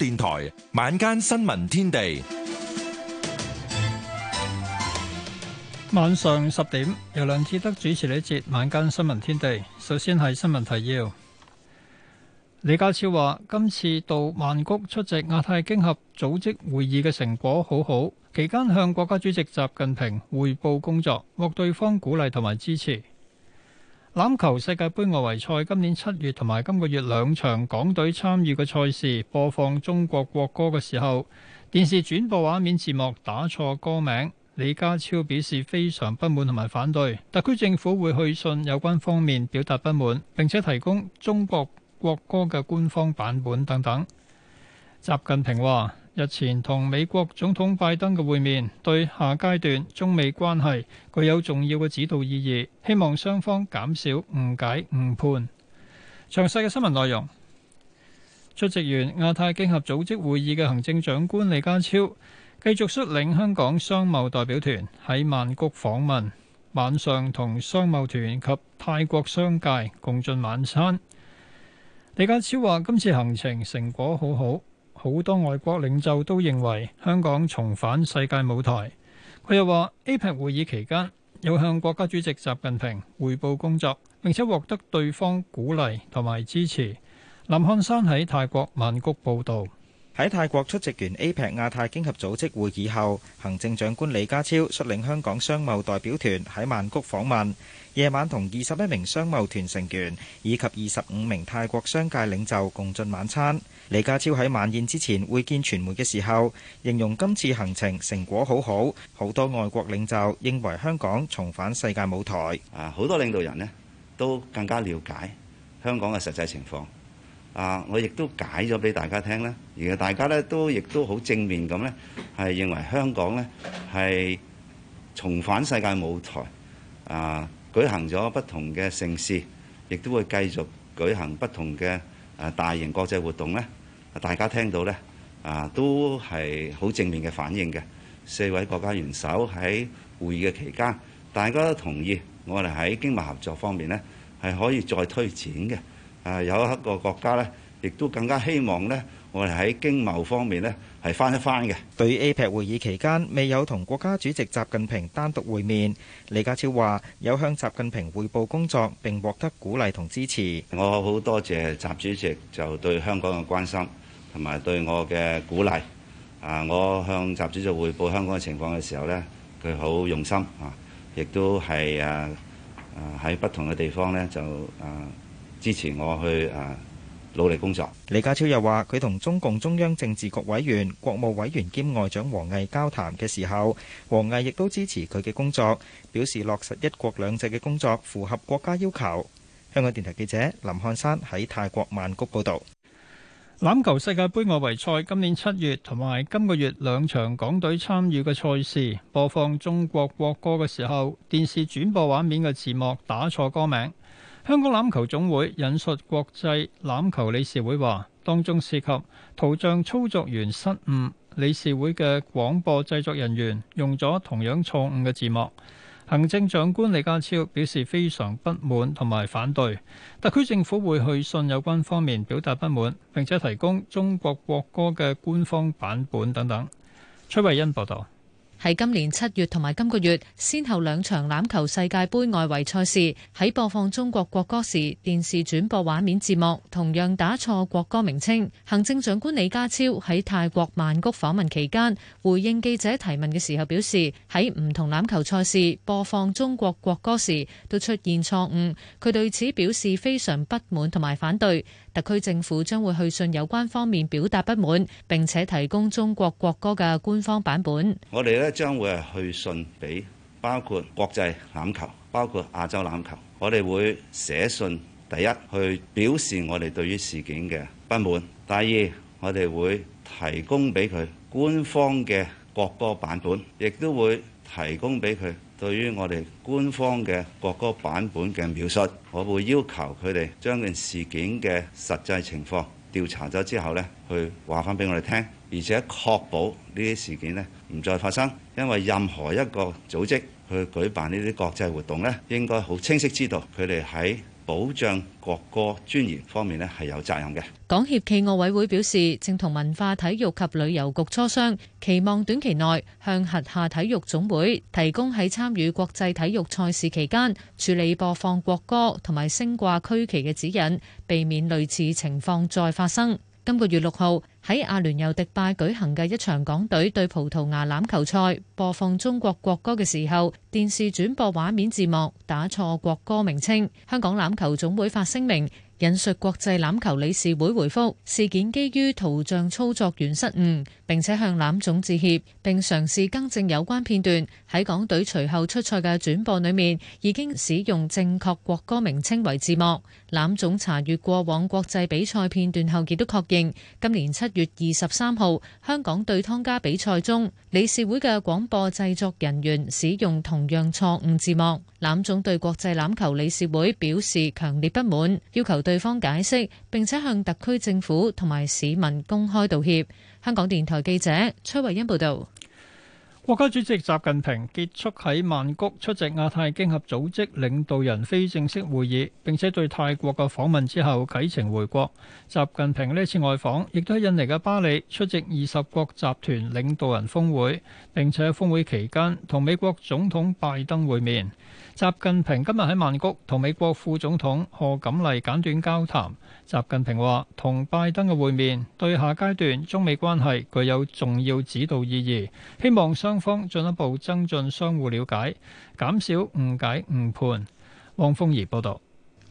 電台晚間新聞天地，晚上十點由梁志德主持呢節晚間新聞天地。首先係新聞提要，李家超話今次到曼谷出席亞太經合組織會議嘅成果好好，期間向國家主席習近平匯報工作，獲對方鼓勵同埋支持。籃球世界盃外圍賽今年七月同埋今個月兩場港隊參與嘅賽事播放中國國歌嘅時候，電視轉播畫面字幕打錯歌名，李家超表示非常不滿同埋反對，特區政府會去信有關方面表達不滿，並且提供中國國歌嘅官方版本等等。習近平話。日前同美國總統拜登嘅會面對下階段中美關係具有重要嘅指導意義，希望雙方減少誤解誤判。詳細嘅新聞內容，出席完亞太經合組織會議嘅行政長官李家超繼續率領香港商貿代表團喺曼谷訪問，晚上同商貿團及泰國商界共進晚餐。李家超話：今次行程成果好好。好多外國領袖都認為香港重返世界舞台。佢又話：APEC 會議期間有向國家主席習近平匯報工作，並且獲得對方鼓勵同埋支持。林漢山喺泰國曼谷報道。喺泰國出席完 APEC 亞太經合組織會議後，行政長官李家超率領香港商貿代表團喺曼谷訪問，夜晚同二十一名商貿團成員以及二十五名泰國商界領袖共進晚餐。李家超喺晚宴之前會見傳媒嘅時候，形容今次行程成果好好，好多外國領袖認為香港重返世界舞台。啊，好多領導人呢都更加了解香港嘅實際情況。啊！我亦都解咗俾大家聽啦。而家大家咧都亦都好正面咁咧，係認為香港咧係重返世界舞台，啊，舉行咗不同嘅盛事，亦都會繼續舉行不同嘅啊大型國際活動咧。大家聽到咧啊，都係好正面嘅反應嘅。四位國家元首喺會議嘅期間，大家都同意我哋喺經貿合作方面咧係可以再推展嘅。啊！有一個國家呢，亦都更加希望呢，我哋喺經貿方面呢係翻一翻嘅。對 APEC 會議期間未有同國家主席習近平單獨會面，李家超話有向習近平匯報工作並獲得鼓勵同支持。我好多謝習主席就對香港嘅關心同埋對我嘅鼓勵。啊！我向習主席匯報香港嘅情況嘅時候呢，佢好用心啊！亦都係啊啊喺不同嘅地方呢就啊～支持我去誒努力工作。李家超又話佢同中共中央政治局委員、國務委員兼外長王毅交談嘅時候，王毅亦都支持佢嘅工作，表示落實一國兩制嘅工作符合國家要求。香港電台記者林漢山喺泰國曼谷報道。欖球世界杯外圍賽今年七月同埋今個月兩場港隊參與嘅賽事，播放中國國歌嘅時候，電視轉播畫面嘅字幕打錯歌名。香港欖球總會引述國際欖球理事會話，當中涉及圖像操作員失誤，理事會嘅廣播製作人員用咗同樣錯誤嘅字幕。行政長官李家超表示非常不滿同埋反對，特區政府會去信有關方面表達不滿，並且提供中國國歌嘅官方版本等等。崔慧欣報道。喺今年七月同埋今個月先後兩場籃球世界杯外圍賽事，喺播放中國國歌時，電視轉播畫面字幕同樣打錯國歌名稱。行政長官李家超喺泰國曼谷訪問期間回應記者提問嘅時候表示，喺唔同欖球賽事播放中國國歌時都出現錯誤，佢對此表示非常不滿同埋反對。特區政府將會去信有關方面表達不滿，並且提供中國國歌嘅官方版本。我哋咧將會去信俾包括國際欖球、包括亞洲欖球，我哋會寫信第一去表示我哋對於事件嘅不滿；第二，我哋會提供俾佢官方嘅國歌版本，亦都會提供俾佢。對於我哋官方嘅國歌版本嘅描述，我會要求佢哋將件事件嘅實際情況調查咗之後呢去話返俾我哋聽，而且確保呢啲事件呢唔再發生，因為任何一個組織去舉辦呢啲國際活動呢，應該好清晰知道佢哋喺。保障國歌尊嚴方面咧係有責任嘅。港協暨奧委會表示，正同文化體育及旅遊局磋商，期望短期內向轄下體育總會提供喺參與國際體育賽事期間處理播放國歌同埋升掛區旗嘅指引，避免類似情況再發生。今個月六號，喺阿聯酋迪拜舉行嘅一場港隊對葡萄牙欖球賽，播放中國國歌嘅時候，電視轉播畫面字幕打錯國歌名稱。香港欖球總會發聲明引述國際欖球理事會回覆，事件基於圖像操作員失誤。並且向欖總致歉，並嘗試更正有關片段。喺港隊隨後出賽嘅轉播裏面，已經使用正確國歌名稱為字幕。欖總查閲過往國際比賽片段後，亦都確認今年七月二十三號香港對湯加比賽中，理事會嘅廣播製作人員使用同樣錯誤字幕。欖總對國際欖球理事會表示強烈不滿，要求對方解釋，並且向特區政府同埋市民公開道歉。香港電台記者崔慧欣報道。國家主席習近平結束喺曼谷出席亞太經合組織領導人非正式會議，並且對泰國嘅訪問之後啟程回國。習近平呢次外訪亦都喺印尼嘅巴厘出席二十國集團領導人峰會，並且喺峰會期間同美國總統拜登會面。習近平今日喺曼谷同美國副總統賀錦麗簡短交談。習近平話：同拜登嘅會面對下階段中美關係具有重要指導意義，希望相。方進一步增進相互瞭解，減少誤解誤判。汪峰怡報導。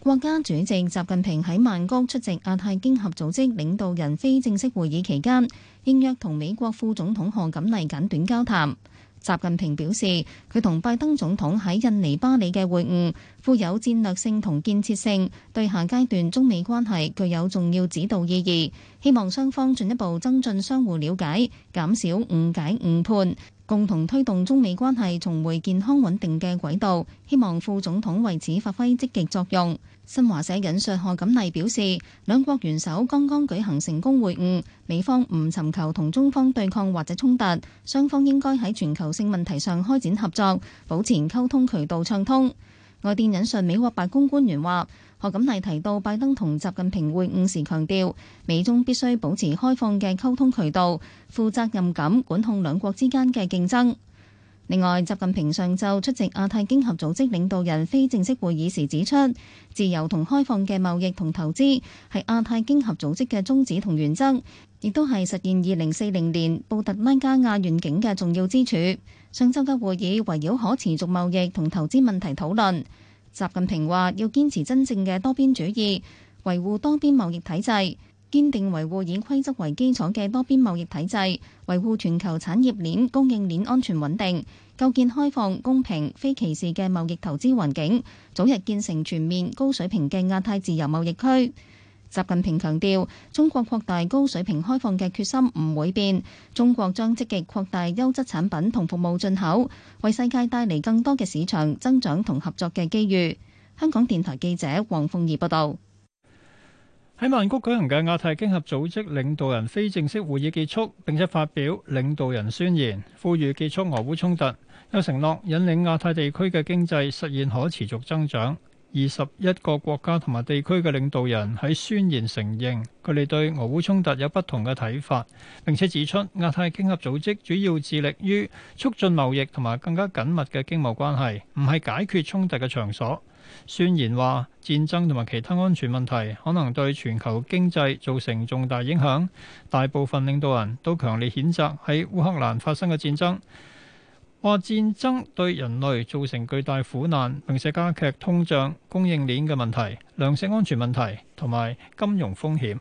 國家主席習近平喺曼谷出席亞太經合組織領導人非正式會議期間，應約同美國副總統賀錦麗簡短交談。習近平表示，佢同拜登總統喺印尼巴里嘅會晤富有戰略性同建設性，對下階段中美關係具有重要指導意義。希望雙方進一步增進相互瞭解，減少誤解誤判，共同推動中美關係重回健康穩定嘅軌道，希望副總統為此發揮積極作用。新華社引述賀錦麗表示，兩國元首剛剛舉行成功會晤，美方唔尋求同中方對抗或者衝突，雙方應該喺全球性問題上開展合作，保持溝通渠道暢通。外電引述美國白宮官員話：何錦麗提到，拜登同習近平會晤時強調，美中必須保持開放嘅溝通渠道，負責任咁管控兩國之間嘅競爭。另外，習近平上晝出席亞太經合組織領導人非正式會議時指出，自由同開放嘅貿易同投資，係亞太經合組織嘅宗旨同原則，亦都係實現二零四零年布特拉加亞願景嘅重要之處。上周嘅會議圍繞可持續貿易同投資問題討論。習近平話要堅持真正嘅多邊主義，維護多邊貿易體制，堅定維護以規則為基礎嘅多邊貿易體制，維護全球產業鏈、供應鏈安全穩定，構建開放、公平、非歧視嘅貿易投資環境，早日建成全面高水平嘅亞太自由貿易區。習近平強調，中國擴大高水平開放嘅決心唔會變，中國將積極擴大優質產品同服務進口，為世界帶嚟更多嘅市場增長同合作嘅機遇。香港電台記者黃鳳儀報道，喺曼谷舉行嘅亞太經合組織領導人非正式會議結束，並且發表領導人宣言，呼籲結束俄烏衝突，又承諾引領亞太地區嘅經濟實現可持續增長。二十一個國家同埋地區嘅領導人喺宣言承認，佢哋對俄烏衝突有不同嘅睇法，並且指出亞太經合組織主要致力於促進貿易同埋更加緊密嘅經貿關係，唔係解決衝突嘅場所。宣言話戰爭同埋其他安全問題可能對全球經濟造成重大影響，大部分領導人都強烈譴責喺烏克蘭發生嘅戰爭。話戰爭對人類造成巨大苦難，並且加劇通脹、供應鏈嘅問題、糧食安全問題同埋金融風險。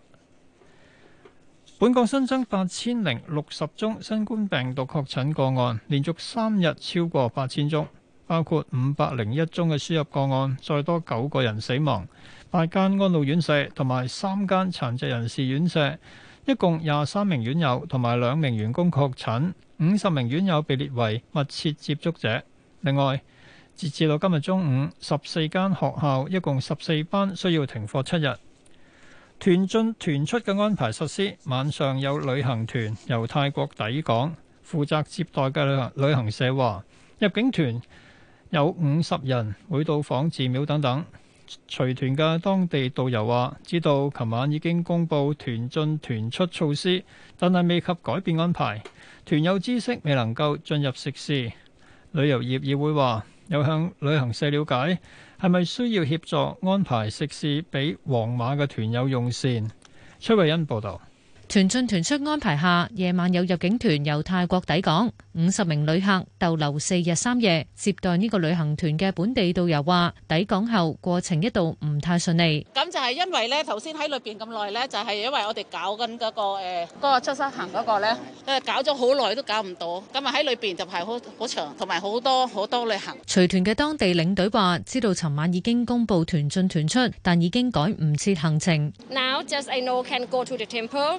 本港新增八千零六十宗新冠病毒確診個案，連續三日超過八千宗，包括五百零一宗嘅輸入個案，再多九個人死亡，八間安老院舍同埋三間殘疾人士院舍，一共廿三名院友同埋兩名員工確診。五十名院友被列為密切接觸者。另外，截至到今日中午，十四間學校一共十四班需要停課七日。團進團出嘅安排實施，晚上有旅行團由泰國抵港，負責接待嘅旅行旅行社話入境團有五十人會到訪寺廟等等。隨團嘅當地導遊話知道，琴晚已經公布團進團出措施，但係未及改變安排。團友知識未能夠進入食肆，旅遊業議會話有向旅行社了解係咪需要協助安排食肆畀皇馬嘅團友用膳。崔慧欣報導。團進團出安排下，夜晚有入境團由泰國抵港，五十名旅客逗留四日三夜。接待呢個旅行團嘅本地導遊話：抵港後過程一度唔太順利。咁就係因為咧，頭先喺裏邊咁耐咧，就係因為我哋搞緊嗰個誒嗰個出生行嗰個咧，誒搞咗好耐都搞唔到。咁啊喺裏邊就係好好長，同埋好多好多旅行。隨團嘅當地領隊話：知道尋晚已經公布團進團出，但已經改唔切行程。Now just I know can go to the temple.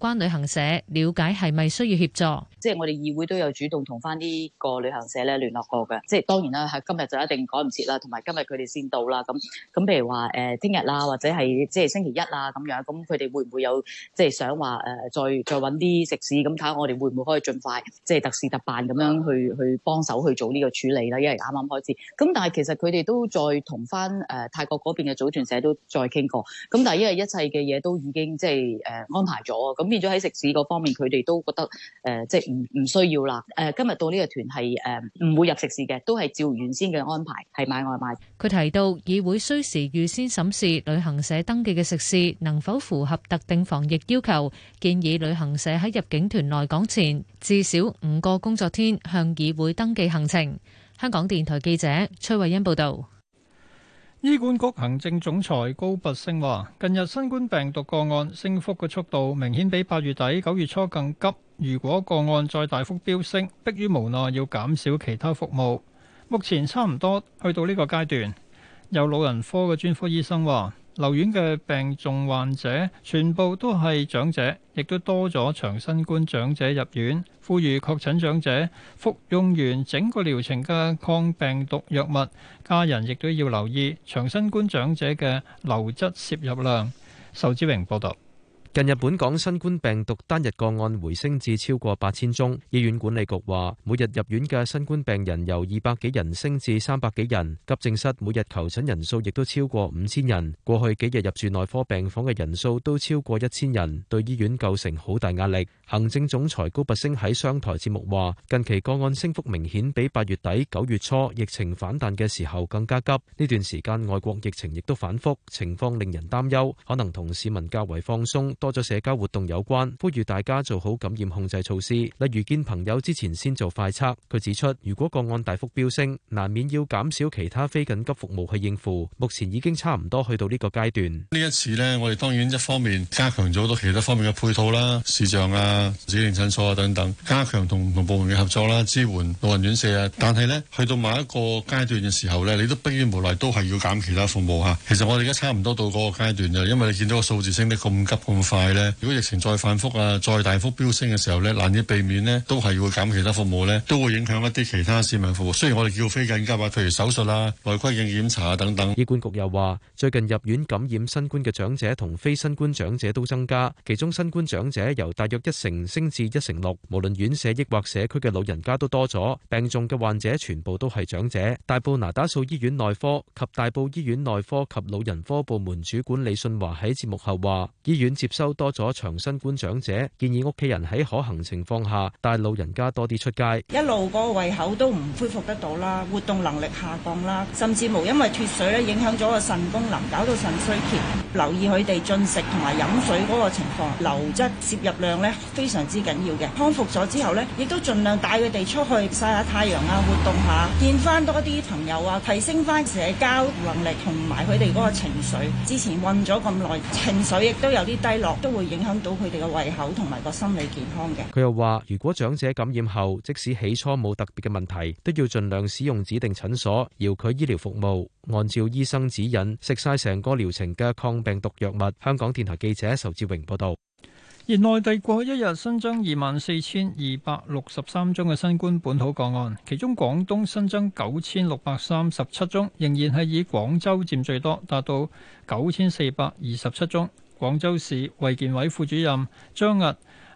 關旅行社了解係咪需要協助，即係我哋議會都有主動同返呢個旅行社咧聯絡過嘅，即係當然啦，係今日就一定趕唔切啦，同埋今日佢哋先到啦，咁咁譬如話誒聽日啦，或者係即係星期一啦咁樣，咁佢哋會唔會有即係想話誒再再搵啲食肆，咁睇下我哋會唔會可以盡快即係特事特辦咁樣去去幫手去做呢個處理啦，因為啱啱開始，咁但係其實佢哋都再同返誒泰國嗰邊嘅組團社都再傾過，咁但係因為一切嘅嘢都已經即係誒安排咗，咁。變咗喺食肆嗰方面，佢哋都覺得誒，即係唔唔需要啦。誒，今日到呢個團係誒，唔會入食肆嘅，都係照原先嘅安排係買外賣。佢提到，議會需時預先審視旅行社登記嘅食肆能否符合特定防疫要求，建議旅行社喺入境團來港前至少五個工作天向議會登記行程。香港電台記者崔慧欣報道。醫管局行政總裁高拔升話，近日新冠病毒個案升幅嘅速度明顯比八月底、九月初更急。如果個案再大幅飆升，迫於無奈要減少其他服務。目前差唔多去到呢個階段，有老人科嘅專科醫生話。留院嘅病重患者全部都係長者，亦都多咗長新冠長者入院。呼籲確診長者服用完整個療程嘅抗病毒藥物，家人亦都要留意長新冠長者嘅流質攝入量。仇志榮報道。近日本港新冠病毒單日個案回升至超過八千宗，醫院管理局話每日入院嘅新冠病人由二百幾人升至三百幾人，急症室每日求診人數亦都超過五千人。過去幾日入住內科病房嘅人數都超過一千人，對醫院構成好大壓力。行政總裁高拔陞喺商台節目話近期個案升幅明顯比八月底九月初疫情反彈嘅時候更加急。呢段時間外國疫情亦都反復情況令人擔憂，可能同市民較為放鬆，多咗社交活動有關，呼籲大家做好感染控制措施，例如見朋友之前先做快測。佢指出，如果個案大幅飆升，難免要減少其他非緊急服務去應付。目前已經差唔多去到呢個階段。呢一次呢，我哋當然一方面加強咗好多其他方面嘅配套啦，視像啊、指定診所啊等等，加強同唔同部門嘅合作啦、啊，支援老人院社啊。但係呢，去到某一個階段嘅時候呢，你都逼於無奈，都係要減其他服務啊。其實我哋而家差唔多到嗰個階段啦，因為你見到個數字升得咁急咁。快咧！如果疫情再反覆啊，再大幅飆升嘅時候咧，難以避免咧，都係會減其他服務咧，都會影響一啲其他市民服務。雖然我哋叫非緊急嘅話，譬如手術啊、內窺鏡檢查啊等等。醫管局又話，最近入院感染新冠嘅長者同非新冠長者都增加，其中新冠長者由大約一成升至一成六，無論院舍抑或社區嘅老人家都多咗。病重嘅患者全部都係長者。大埔那打素醫院內科及大埔醫院內科及老人科部門主管李信華喺節目後話：醫院接收多咗長新冠長者，建議屋企人喺可行情況下帶老人家多啲出街。一路嗰個胃口都唔恢復得到啦，活動能力下降啦，甚至乎因為脫水咧影響咗個腎功能，搞到腎衰竭。留意佢哋進食同埋飲水嗰個情況，流質攝入量咧非常之緊要嘅。康復咗之後咧，亦都盡量帶佢哋出去晒下太陽啊，活動下，見翻多啲朋友啊，提升翻社交能力同埋佢哋嗰個情緒。之前困咗咁耐，情緒亦都有啲低落。都會影響到佢哋嘅胃口同埋個心理健康嘅。佢又話，如果長者感染後，即使起初冇特別嘅問題，都要盡量使用指定診所，邀佢醫療服務，按照醫生指引食晒成個療程嘅抗病毒藥物。香港電台記者仇志榮報導。而內地過去一日新增二萬四千二百六十三宗嘅新冠本土個案，其中廣東新增九千六百三十七宗，仍然係以廣州佔最多，達到九千四百二十七宗。廣州市衛健委副主任張屹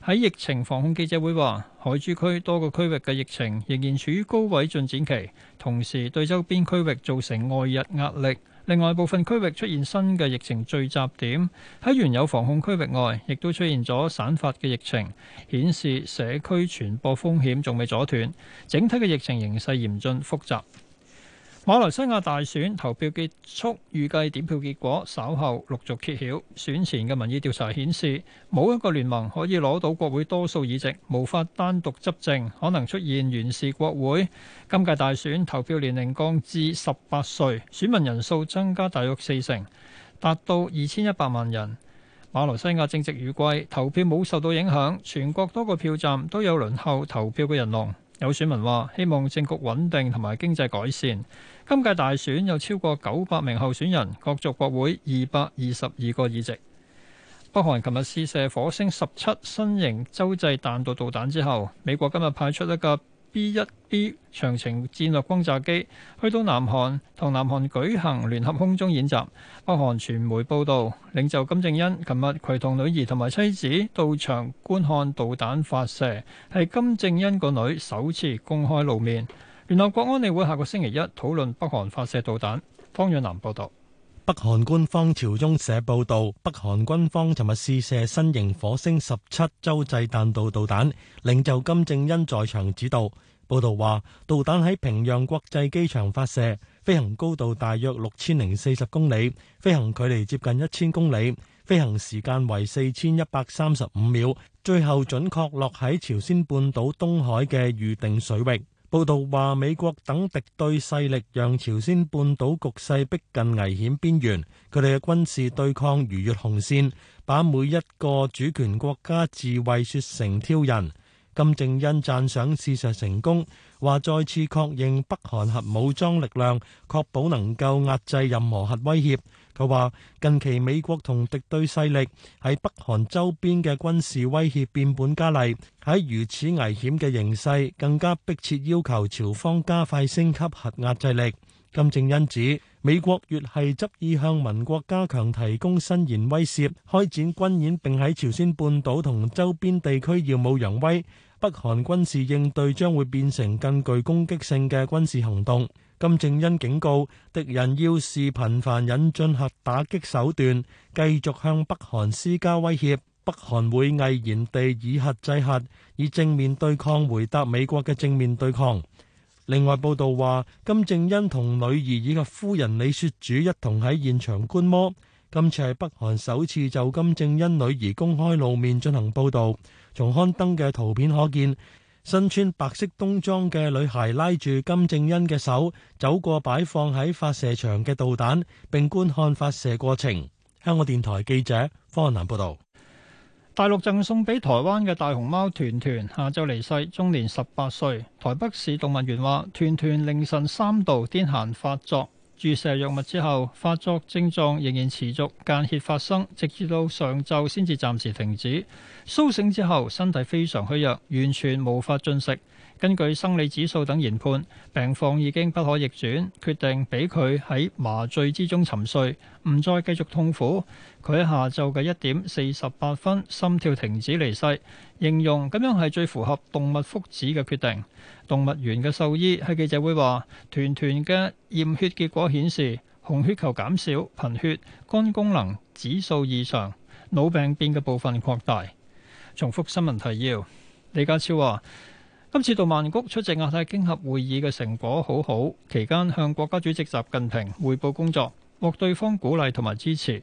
喺疫情防控記者會話：海珠區多個區域嘅疫情仍然處於高位進展期，同時對周邊區域造成外溢壓力。另外，部分區域出現新嘅疫情聚集點，喺原有防控區域外，亦都出現咗散發嘅疫情，顯示社區傳播風險仲未阻斷，整體嘅疫情形勢嚴峻複雜。馬來西亞大選投票結束，預計點票結果稍後陸續揭曉。選前嘅民意調查顯示，冇一個聯盟可以攞到國會多數議席，無法單獨執政，可能出現懸峙國會。今屆大選投票年齡降至十八歲，選民人數增加大約四成，達到二千一百萬人。馬來西亞正值雨季，投票冇受到影響，全國多個票站都有輪候投票嘅人龍。有選民話：希望政局穩定同埋經濟改善。今屆大選有超過九百名候選人角逐國會二百二十二個議席。北韓琴日試射火星十七新型洲際彈道導彈之後，美國今日派出一個。1> B-1B 長程戰略轟炸機去到南韓同南韓舉行聯合空中演習。北韓傳媒報導，領袖金正恩琴日攜同女兒同埋妻子到場觀看導彈發射，係金正恩個女首次公開露面。聯合國安理會下個星期一討論北韓發射導彈。方遠南報導。北韓官方朝中社報道，北韓軍方尋日試射新型火星十七洲際彈道導彈，領袖金正恩在場指導。報道話，導彈喺平壤國際機場發射，飛行高度大約六千零四十公里，飛行距離接近一千公里，飛行時間為四千一百三十五秒，最後準確落喺朝鮮半島東海嘅預定水域。報道話，美國等敵對勢力讓朝鮮半島局勢逼近危險邊緣，佢哋嘅軍事對抗逾越紅線，把每一個主權國家自衞説成挑釁。金正恩讚賞試射成功，話再次確認北韓核武裝力量確保能夠壓制任何核威脅。佢話：近期美國同敵對勢力喺北韓周邊嘅軍事威脅變本加厲，喺如此危險嘅形勢，更加迫切要求朝方加快升級核壓制力。金正恩指，美國越係執意向民國加強提供新言威懾，開展軍演並喺朝鮮半島同周邊地區耀武揚威，北韓軍事應對將會變成更具攻擊性嘅軍事行動。金正恩警告敵人要視頻繁引進核打擊手段，繼續向北韓施加威脅，北韓會毅然地以核制核，以正面對抗回答美國嘅正面對抗。另外報道話，金正恩同女兒以及夫人李雪主一同喺現場觀摩。今次係北韓首次就金正恩女兒公開露面進行報道。從刊登嘅圖片可見，身穿白色冬裝嘅女孩拉住金正恩嘅手，走過擺放喺發射場嘅導彈，並觀看發射過程。香港電台記者方南報道。大陸贈送俾台灣嘅大熊貓團團下晝離世，終年十八歲。台北市動物園話，團團凌晨三度癲癇發作，注射藥物之後發作症狀仍然持續間歇發生，直至到上晝先至暫時停止。甦醒之後身體非常虛弱，完全無法進食。根據生理指數等研判，病況已經不可逆轉，決定俾佢喺麻醉之中沉睡，唔再繼續痛苦。佢喺下晝嘅一點四十八分心跳停止離世，形容咁樣係最符合動物福祉嘅決定。動物園嘅獸醫喺記者會話，團團嘅驗血結果顯示紅血球減少、貧血、肝功能指數異常、腦病變嘅部分擴大。重複新聞提要，李家超話。今次到曼谷出席亞太經合會議嘅成果好好。期間向國家主席習近平匯報工作，獲對方鼓勵同埋支持。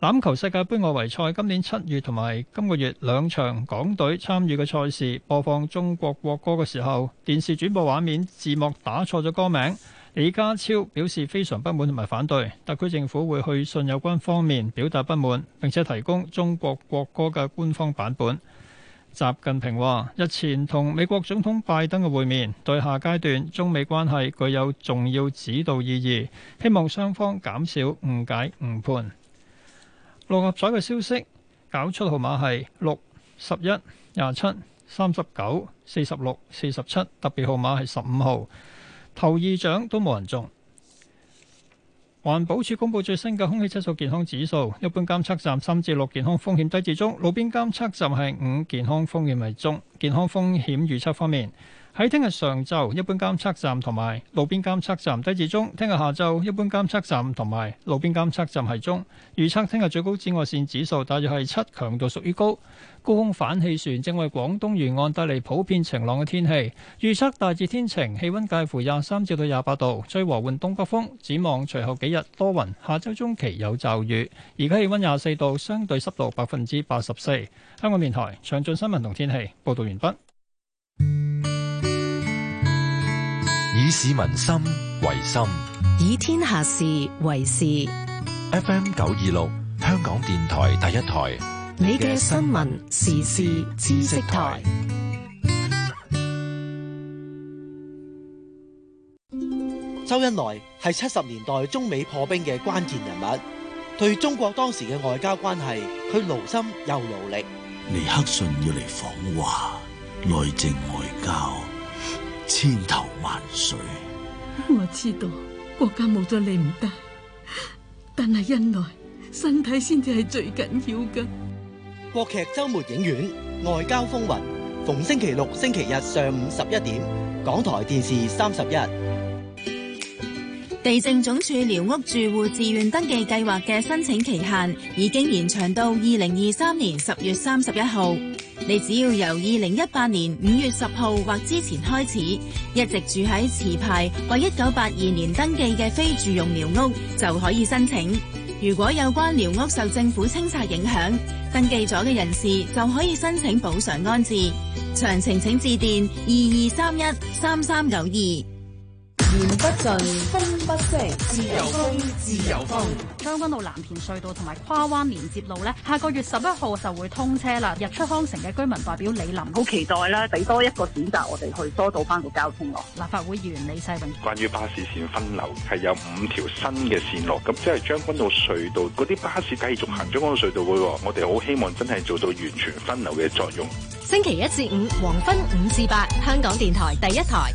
欖球世界盃外圍賽今年七月同埋今個月兩場港隊參與嘅賽事，播放中國國歌嘅時候，電視轉播畫面字幕打錯咗歌名。李家超表示非常不滿同埋反對，特區政府會去信有關方面表達不滿，並且提供中國國歌嘅官方版本。習近平話：日前同美國總統拜登嘅會面，對下階段中美關係具有重要指導意義。希望雙方減少誤解誤判。六合彩嘅消息，搞出號碼係六、十一、廿七、三十九、四十六、四十七，特別號碼係十五號。頭二獎都冇人中。環保署公布最新嘅空氣質素健康指數，一般監測站三至六健康風險低至中，路邊監測站係五健康風險為中，健康風險預測方面。喺聽日上晝，一般監測站同埋路邊監測站低至中；聽日下晝，一般監測站同埋路邊監測站係中。預測聽日最高紫外綫指數大約係七，強度屬於高。高空反氣旋正為廣東沿岸帶嚟普遍晴朗嘅天氣。預測大致天晴，氣溫介乎廿三至到廿八度，最和緩東北風。展望隨後幾日多雲，下周中期有驟雨。而家氣溫廿四度，相對濕度百分之八十四。香港電台詳盡新聞同天氣報道完畢。以市民心為心，以天下事為事。FM 九二六，香港電台第一台。你嘅新聞時事知識台。周恩來係七十年代中美破冰嘅關鍵人物，對中國當時嘅外交關係，佢勞心又勞力。尼克遜要嚟訪華，內政外交。千頭萬緒，我知道國家冇咗你唔得，但係恩來身體先至係最緊要嘅。國劇周末影院《外交風雲》逢星期六、星期日上午十一點，港台電視三十一。地政總署寮屋住戶自願登記計劃嘅申請期限已經延長到二零二三年十月三十一號。你只要由二零一八年五月十號或之前開始，一直住喺持牌或一九八二年登記嘅非住用寮屋，就可以申請。如果有關寮屋受政府清拆影響，登記咗嘅人士就可以申請補償安置。詳情請致電二二三一三三九二。源不盡，風不息，自由風，自由風。將軍澳藍田隧道同埋跨灣連接路呢，下個月十一號就會通車啦。日出康城嘅居民代表李林好期待啦，俾多一個選擇我哋去疏導翻個交通咯。立法會議員李世榮，關於巴士線分流係有五條新嘅線路，咁即係將軍澳隧道嗰啲巴士繼續行將軍澳隧道嘅，我哋好希望真係做到完全分流嘅作用。星期一至五黃昏五至八，香港電台第一台。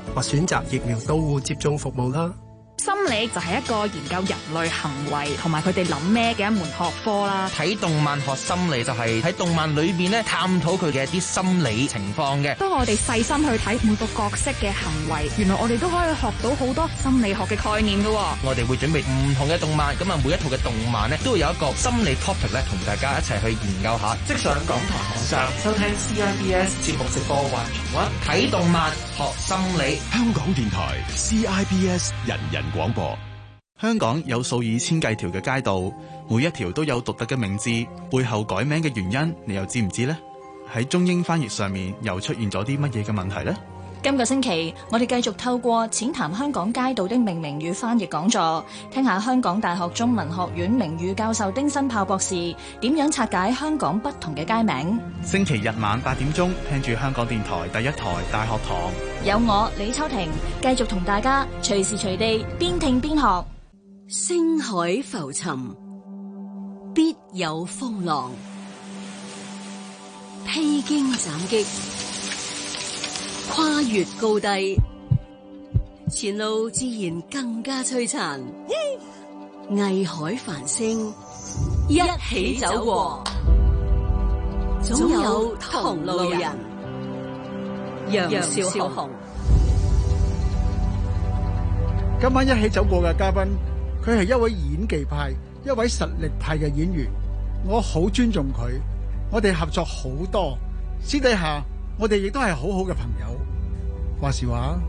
或、啊，選擇疫苗到戶接種服務啦。你就係一個研究人類行為同埋佢哋諗咩嘅一門學科啦。睇動漫學心理就係喺動漫裏邊咧探討佢嘅一啲心理情況嘅。當我哋細心去睇每個角色嘅行為，原來我哋都可以學到好多心理學嘅概念噶。我哋會準備唔同嘅動漫，咁啊每一套嘅動漫咧都會有一個心理 topic 咧同大家一齊去研究下。即上港台網上收聽 CIBS 節目直播，或睇動漫學心理，香港電台 CIBS 人人廣播。香港有數以千計條嘅街道，每一條都有獨特嘅名字，背後改名嘅原因，你又知唔知呢？喺中英翻譯上面又出現咗啲乜嘢嘅問題呢？今個星期，我哋繼續透過淺談香港街道的命名與翻譯講座，聽下香港大學中文學院名譽教授丁新豹博士點樣拆解香港不同嘅街名。星期日晚八點鐘，聽住香港電台第一台《大學堂》，有我李秋婷繼續同大家隨時隨地邊聽邊學。星海浮沉，必有風浪，披荊斬棘。跨越高低，前路自然更加璀璨。藝海繁星，一起走過，總有同路人。楊少紅今晚一起走過嘅嘉賓，佢係一位演技派、一位實力派嘅演員，我好尊重佢。我哋合作好多，私底下我哋亦都係好好嘅朋友。話時話。